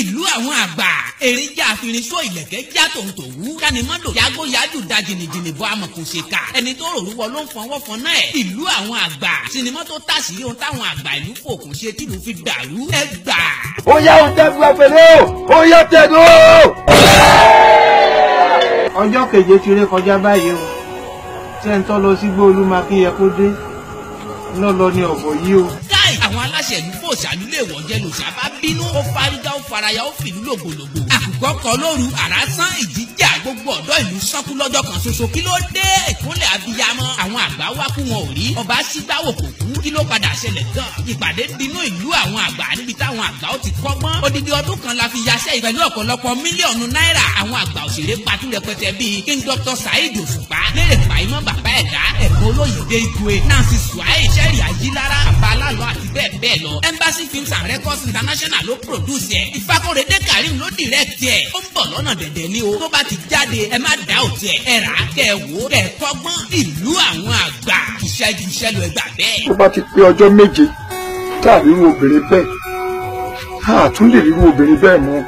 ìlú àwọn àgbà èrè já àfihàn sọ ìlẹ̀kẹ̀ já tòǹtò wú tanimọ́dò yago yájú da jìnnìjìnnì bọ́ amọ̀kùn ṣèkà ẹni tó rò wọ ló ń fọwọ́ fọ náà ẹ̀ ìlú àwọn àgbà sinimá tó tà sí ohun táwọn àgbà ìlú fòkùn ṣe tìlú fi dàrú ẹ gbà. ó yá ohun tẹ́ fún ó yá tẹ̀lé ọjọ́ keje ti ré kọjá báyìí o sẹ́ńtọ́ lọ sígbó olúmọ akínyẹ kó dé ńlọ́lọ́ ni ọ̀bọ̀ yìí o. àwọn aláṣẹ ìlú fòṣàlú lè wọ́jẹ́ lòṣà bá bínú ó fa faraya ó fìlú lògbòlògbò. àkùkọ kọ lóru àràsán ìdíjà gbogbo ọ̀dọ́ ìlú sọ́kú lọ́jọ́ kan ṣoṣo kí ló dé ìkúnlẹ̀ abiyamọ. àwọn àgbà wá kú wọn ò rí ọba sígbàwò kò kú kí ló padà ṣẹlẹ̀ gan. ìpàdé dinú ìlú àwọn àgbà níbi táwọn àgbà ó ti kọ́gbọ́n. odidi ọdún kan la fi yaṣẹ́ pẹ̀lú ọ̀pọ̀lọpọ̀ mílíọ̀nù náírà àwọn àgbà òṣèré King Dr. Saheed Òṣùpá lérè pàìmọ́ bàbá ẹ̀dá ẹ̀ olóyèdè ikue nancy suwaye jerry ayilara abalalo àti bẹ́ẹ̀ bẹ́ẹ̀ lọ embassy films and records international ló produce ẹ̀ ìfakọ̀rẹ́dẹ́ karim ló direct ẹ̀ ó ń bọ̀ lọ́nà dẹ̀dẹ̀ ni o tó bá ti jáde ẹ má dá òtí ẹ̀ ẹ rà á kẹ́ ẹ wò ó kẹ́ ẹ kọ́gbọ́n ìlú àwọn àgbà iṣẹ́ ju iṣẹ́ lọ ẹgbà bẹ́ẹ̀. tó bá ti pé ọjọ́ méje tá a rí irú obìnrin bẹ́ẹ̀ a tún lè rí irú obìnrin bẹ́ẹ̀ mọ́.